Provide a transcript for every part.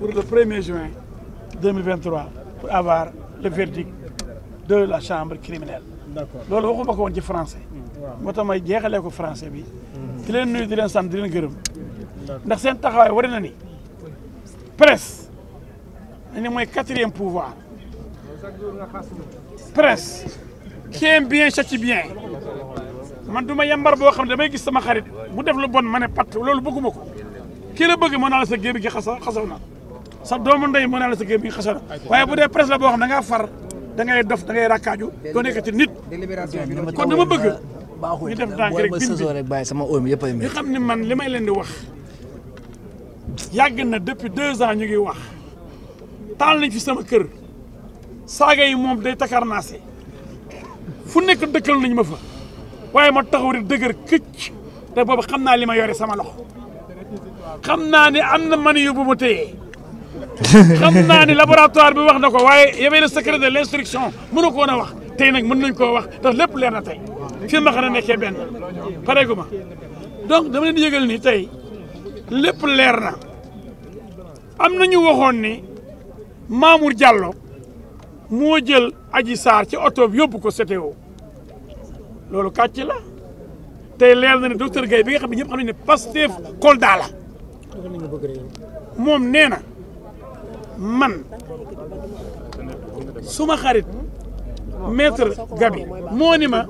pour le 1er juin 2023 pour avoir le verdict de la chambre criminelle. d'accord loolu waxuma ko woon ci français. moo tax may jeexalee ko français bi. Mhm. di leen nuyu di leen gërëm. ndax seen taxawaay ware na ni presse dañu ne mooy quatrième pouvoir presse qui bien châtie bien man du ma yambar boo xam ne damay gis sama xarit bu def la bon ma ne pat loolu bëgguma ko kii la bëgg mën naa la sa géer gi na sa doomu ndey mën naa la sa géem bi nga xasara waaye bu dee presse la boo xam da ngaa far da ngay dof da ngay rakkaaju doo nekkati nit kon dama bëgg ñu def ndànk rek bin bi xam ne man li may leen di wax yàgg na depuis deux ans ñu ngi wax taal nañ fi sama kër saaga yi moom day takarnaase fu nekk dëkkal nañ ma fa waaye ma taxaw di dëgër këcc te boobu xam naa li ma yore sama loxo xam naa ne am na man yu bu ma téyee xam naa ni laboratoire bi wax na ko waaye y avait le secret de l' instruction ko woon a wax tey nag mën nañ koo wax ndax lépp leer na tey fi ma xam ne nekkee benn pareegu ma donc dama leen di yëgal ni tey lépp leer na am nañu waxoon ni Mamour Diallo moo jël Adji Sarr ci oto bi yóbbu ko CTO loolu kàcc la tey leer na ne docteur Guèye bi nga xam ne ñëpp xam ne ne Pastef Kolda la moom nee na man suma xarit maître Gabi moo ni ma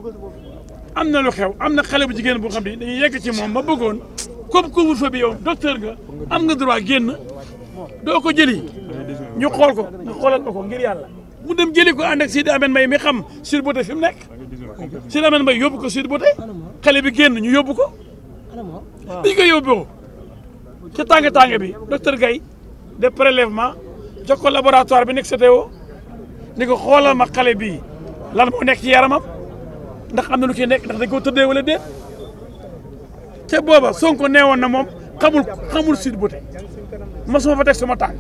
am na lu xew am na xale bu jigéen boo xam ne dañuy yegg ci moom ma bëggoon comme couvre-feu bi yow docteur nga am nga droit génn doo ko jëli ñu xool ko nga xoolal ko ngir yàlla mu dem jëli ko ànd ak Sidi Ahmed Mbaye mi xam Sweet Beauté fi mu nekk Sidi Ahmed Mbaye yóbbu ko Sweet Beauté xale bi génn ñu yóbbu ko biñ ko yóbbu ca tàng tàng bi docteur Gaye de prélèvement jox ko laboratoire bi nekk CTO ni ko xoolal ma xale bi lan moo nekk ci yaramam ndax am na lu ci nekk ndax dañ koo tëddee walla déet te booba Sonko neewoon na moom xamul xamul Sweet ma soo fa teg sama tànk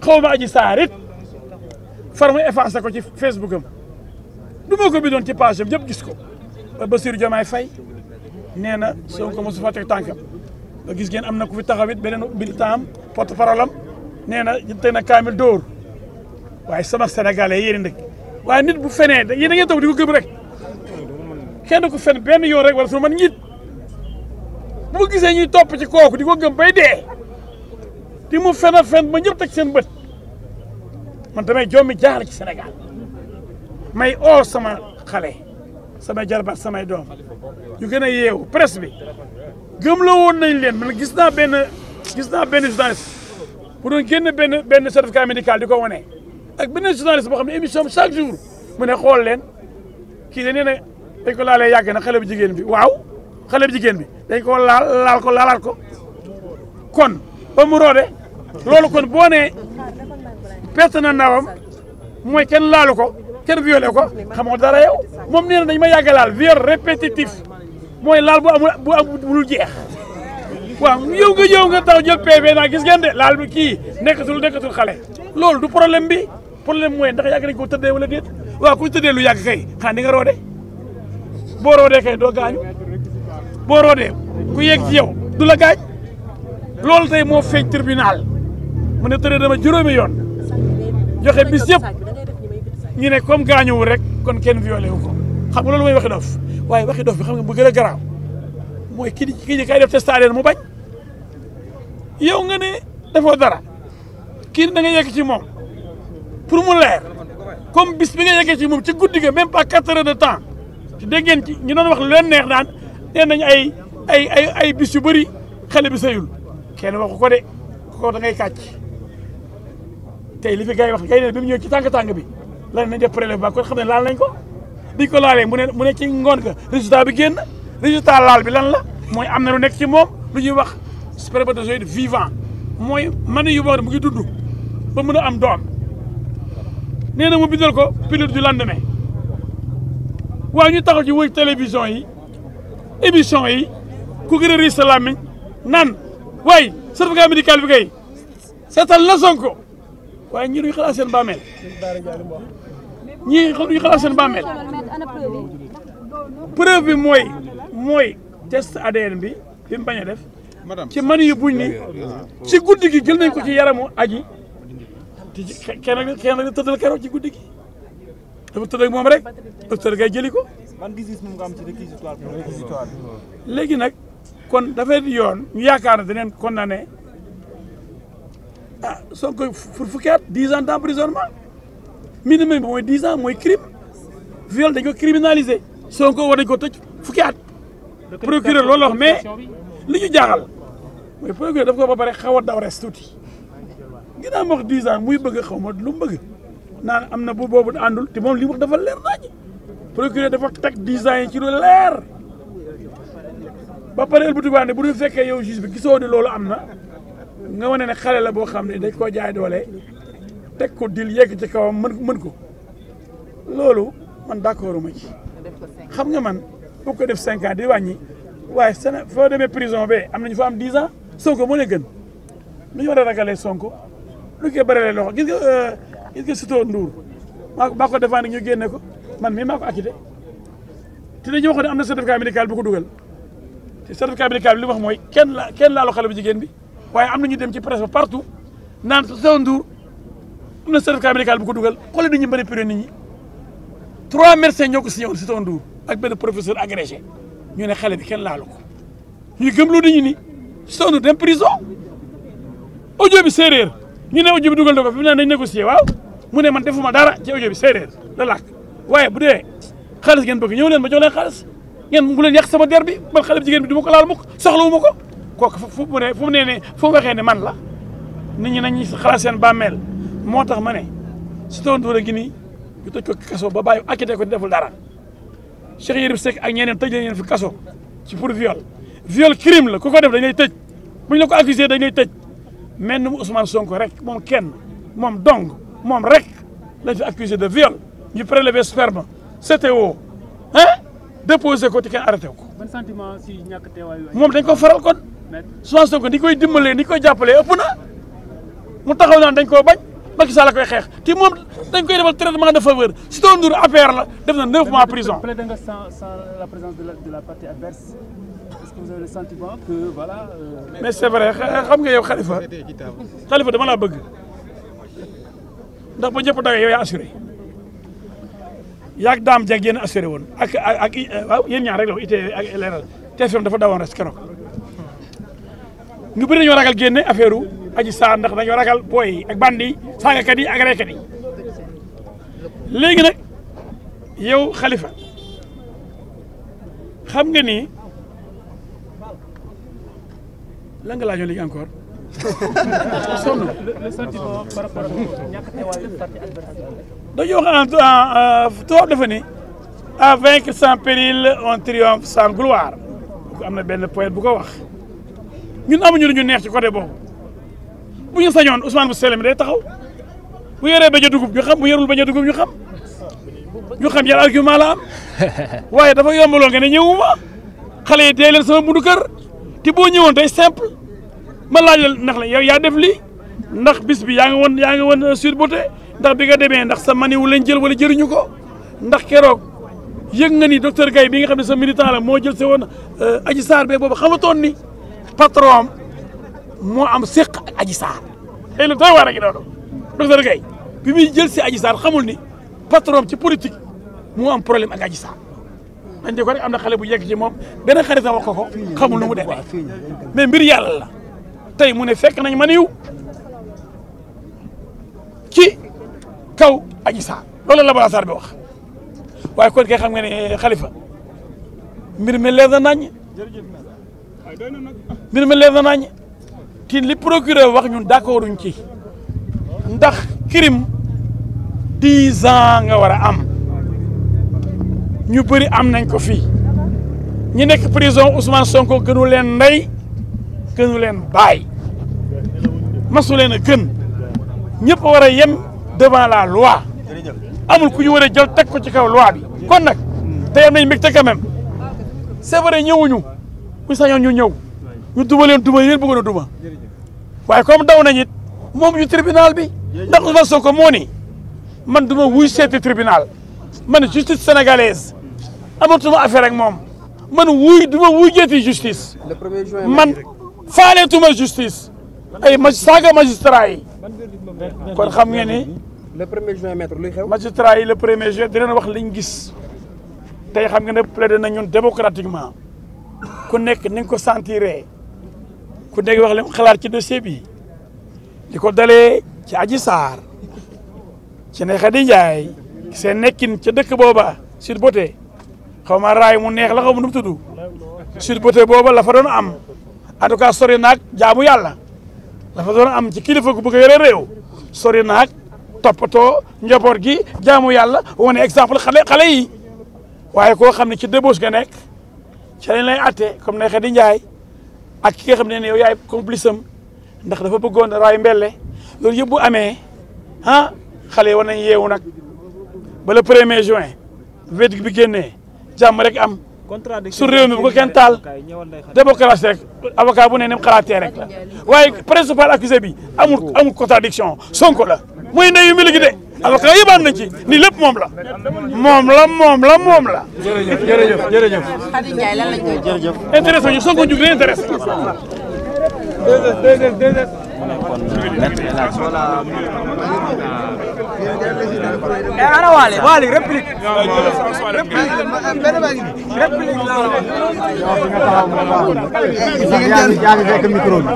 kaw ma aji saarit far mu effacé ko ci Facebook am du ko bindoon ci page am ñëpp gis ko ba Bassirou Diomaye Faye nee na Sonko mosu fa teg tànkam ba gis ngeen am na ku fi taxawit beneen militant am porte parole nee na jënte na kaamil dóor waaye sama sénégalais yéen nag waaye nit bu fenee da yéen da ngeen toog di rek kenn ku fen benn yoon rek wala su man ñit bu gisee ñuy topp ci kooku di ko gëm bay dee di mu fen fen ba ñëpp teg seen bët man damay jommi jaaxle ci Sénégal may oo sama xale sama jarbaat samay doom yu gën a yeewu presse bi gëm la woon nañ leen man gis naa benn gis naa benn journaliste mu doon génn benn benn certificat médical di ko wane ak benn journaliste boo xam ne émission bi chaque jour mu ne xool leen kii dañ ne dañ ko laalee yàgg na xale bu jigéen bi waaw xale bu jigéen bi dañ ko laal laal ko laalaat ko kon ba mu roode loolu kon boo nee perte na ndawam mooy kenn laalu ko kenn violé ko xamoo dara yow moom nee na dañ ma yàgg laal viol répétitif mooy laal bu amul bu amul jeex waaw yow nga yow nga taw jël PV naa gis ngeen de laal bi kii nekkatul nekkatul xale loolu du problème bi problème mooy ndax yàgg nañ ko tëddee wala déet waa ku tëddee lu yàgg kay xan di nga roode boo roodee kay doo gaañu boo roodee ku yegg ci yow du la gaañ loolu tey moo feeñ tribunal mu ne tëddee dama juróomi yoon joxe bis yëpp ñu ne comme wu rek kon kenn violé wu ko xam nga loolu mooy waxi dof waaye waxi dof bi xam nga bu gën a mooy ki ki kay def testaleen mu bañ yow nga ne defoo dara kii da nga ci moom pour mu leer comme bis bi nga yeggee ci moom ci guddi ga même pas quatre heures de temps ci dégg ngeen ci ñu doon wax lu leen neex naan nee nañ ay ay ay ay bis yu bëri xale bi sayul kenn waxu ko de ko da ngay kàcc tey li fi wax gars yi ne bi mu ñëw ci tàng-tàng bi lan nañ def prélèvement kon xam ne laal nañ ko biñ ko laalee mu ne mu ne ci ngoon ga résultat bi génn résultat laal bi lan la mooy am na lu nekk ci moom lu ñuy wax spermatozoïde vivant mooy man yu boo mu ngi dund ba mën a am doom nee na mu bindal ko pilule du lendemain waaye ñu taxal ji wëy télévision yi émission yi ku gën a riis sa làmmiñ naan waaye certificat médical bi kay la Sonko waaye ñi duñ xalaat seen bàmmeel ñii duñ xalaat seen bàmmeel preuve bi mooy mooy test ADN bi bi mu bañ a def ci man yu buñ ni ah. ci guddi gi jël nañ ko ci yaramu aji kenn kenn la tëddal keroog ci guddi gi dafa tëdd ak moom rek docteur gay jëli ko léegi nag kon dafa yoon ñu yaakaar ne daneen condamné ah Sonko fur fukki at dix ans d'emprisonnement minimum bi mooy dix mooy crime viol dañ ko criminalisé Sonko war nañ ko tëj fukki at procureur loolu wax mais li ñu jaaxal mooy procureur daf ko ba pare xaw a daw res tuuti ginnaaw wax dix muy bëgg xaw ma lu mu bëgg naan am na bu boobu àndul te moom li mu wax dafa leer naaj procureur dafa teg dix ans yi ci lu leer ba pare ëlbatu baa ne bu dul fekkee yow juge bi gisoo ne loolu am na nga wane ne xale la boo xam ne dañ koo jaay doole teg ko dil yegg ci kawam mën mën ko loolu man d'accord ma ci xam nga man bu ko def cinq ans di wàññi waaye seen foo demee prison be am nañu fa am dix ans Sonko moo leen gën lu ñu war a ragalee Sonko lu koy loxo gis nga euh, gis nga Sitor Ndour maa maa ko défendre ñu génne ko man mii maa ko acquitté te dañu waxoon ne am na certificat médical bi ko dugal te certificat médical li wax mooy kenn la kenn laalu xale bu jigéen bi waaye am na ñu dem ci presse partout naan Sitor Ndour am na certificat médical bi ko dugal xoolal nit ñi bëri pire nit ñi trois médecins ñoo ko signé woon Sitor Ndour ak benn professeur agrégé ñu ne xale bi kenn laalu ko ñu gëmloo dañu ni sonn dem prison audio bi séeréer ñu ne audio bi dugal na ko fi mu ne nañ négocier waaw mu ne man defuma dara ci audio bi séeréer la làkk waaye bu dee xaalis ngeen bëgg ñëw leen ma jox leen xaalis ngeen bu leen yàq sama der bi man xale bi jigéen bi du ma ko laal mukk soxlawu ma ko kooku fu mu ne fu mu nee ne fu mu waxee ne man la nit ñi nañu xalaat seen bàmmeel moo tax ma ne si toon dóor a ngi nii ñu toj ko ba bàyyi acquitté ko deful dara Cheikh Yérim Seck ak ñeneen tëj leen fi kaso ci pour viol viol crime la ku ko def dañ lay tëj bu ñu la ko accusé dañ lay tëj mel ni mu Ousmane Sonko rek moom kenn moom dong moom rek lañ fi accusé de viol ñu prélevé sperme CTO ah déposé ko te kenn arrêté ko. ban si ñàkk moom dañ ko faral kon. Ousmane Sonko ni koy dimbalee ni koy jàppalee ëpp na mu taxaw naan dañ koo bañ. Macky Sall la koy xeex te moom dañ koy defal traitement de faveur Sitor Ndour APR la def na neuf mois de prison. plaidé nga sans sans la présence de la de la partie adverse euh, xam nga yow Khalifa Khalifa dama laa bëgg ndax ba ñëpp dawee yow yaa assuré yaag daam jeeg yéen assuré woon ak ak ak waaw ñaar rek la ko ite ak leeral TFM dafa dawoon res keroog ñu bëri dañoo ragal génne affaire aj saar ndax dañoo ragal booy yi ak bandi yi saagakat yi ak reekat yi léegi nag yow xalifa xam nga ni lan nga laajoon léegi encore sonn dañoo wax tubaab dafa ni à vaincre sant péril on triomphe sans gloire am na benn poète bu ko wax ñun amuñu lu ñu neex ci côté boobu bu ñu sañoon Ousmane bu Sélé mi taxaw bu yoree bañ a dugub ñu xam bu yorul bañ a dugub ñu xam ñu xam yan argument la am waaye dafa yombaloo nga ne ñëwuma xale yi dee leen sama bundu kër te boo ñëwoon day simple ma laaj la nax la yow yaa def li ndax bis bi yaa ngi won yaa ngi woon Sweet Beauté ndax bi nga demee ndax sa maniwu lañ jël wala jëriñu ko ndax keroog yëg nga ni docteur Gaye bi nga xam ne sa militant la moo jël sa woon euh, Adji Sarr bee boobu xamatoon ni patron moo am séq ak Adji Sarr waar a ngi noonu docteur Guèye bi muy jël si Adji xamul ni patron ci politique moo am problème ak Adji Sarr dañ di am na xale bu yegg ci moom benn xaritam wax ko ko xamul nu mu demee mais mbir yàlla la tey mu ne fekk nañ ma niw ci kaw Adji Sarr loolu la Bara Sarr bi wax waaye kon kay xam nga ne mbir mi leer mbir mi leer te li procureur wax ñun d'accorduñ ci ndax crime dix ans nga war a am ñu bëri am nañ ko fi ñi nekk prison Ousmane Sonko gënu leen ndey gënu leen baay masu leen a gën ñëpp war a yem devant la loi amul ku ñu war a jël ko ci kaw loi bi kon nag tey am nañ mbégte quand même c'est vrai ñëwuñu bu ñu ñëw ñu duma leen duma yéen duma waaye comme daw nañ it moom yu tribunal bi ndax Ousmane ko moo ni man du ma wuy seeti tribunal man justice sénégalaise amatuma affaire ak moom man wuy du ma wuy jeeti justice man faaleetuma justice ay ma saaga magistrat yi kon xam ngeen ni le premier juin maître luy xew magistrat yi le premier juin dinañ wax liñ gis tey xam nga ne plaidé na ñun démocratiquement ku nekk ni ko sentiree ku nekk wax leen xalaat ci dossier bi li ko dalee ci aji Sarr ci Ndeye Khady Ndiaye seen nekkin ca dëkk booba Sweet Beauté xaw ma raay mu neex la xaw nu mu tudd Sweet booba la fa doon am en tout cas sori naag jaamu yàlla la doon am ci kilifa gu bëgg a yore réew sori naag toppatoo njaboot gi jaamu yàlla wane exemple xale xale yi waaye koo xam ne ci débauche nga nekk ci lañ lay atte comme Ndeye Khady ak ki nga xam ne ne yow yaay complice ndax dafa bëggoon raay mbelle loolu yëpp bu amee ah xale yi war nañ yeewu nag ba le premier juin verdict bi génnee jàmm rek am su réew mi bu ko kenn taal démocratie rek avocat bu ne nem xalaatee rek la waaye principal accusé bi amul amul contradiction sonko la mooy ndeyu mi ligi de avocat yëpp ànd nañ ci ni lépp moom la moom la moom la moom la. jërëjëf jërëjëf jërëjëf. Khady Ndiaye lan lañ koy jërëjëf. intéressé ñu soog a jug day eh ana Waly Waly réplique. réplique la la wax. micro bi.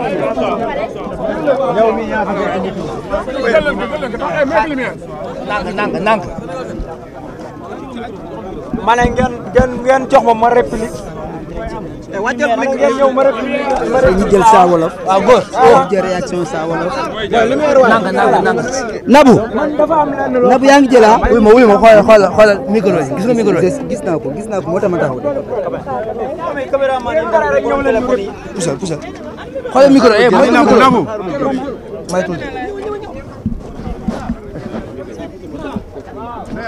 yow mii yaa fekk micro bi. nank nank ma ne ngeen ngeen jox ma ma réplique. Eh, dañuy jël Saa Wolof. waaw ah, góor dañuy jël réaction Saa Wolof. nang nang nang Nabu. Nabu yaa ngi jël ah. wuy ma wuy ma xoolal xoolal xoolal micro yi gis nga micro yi. gis naa ko gis naa ko moo tax ma taxaw. pusal pusal. xoolal micro yi mooy eh, micro Nabu. may tuuti.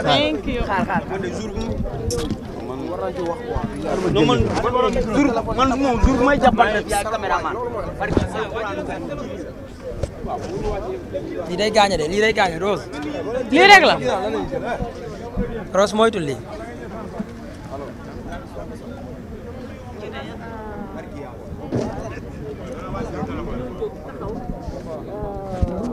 Thank you. non man man moom jur may jàppale yaa caméraman lii day gaañe de lii day gaañe Rose lii rek la Rose moytul lii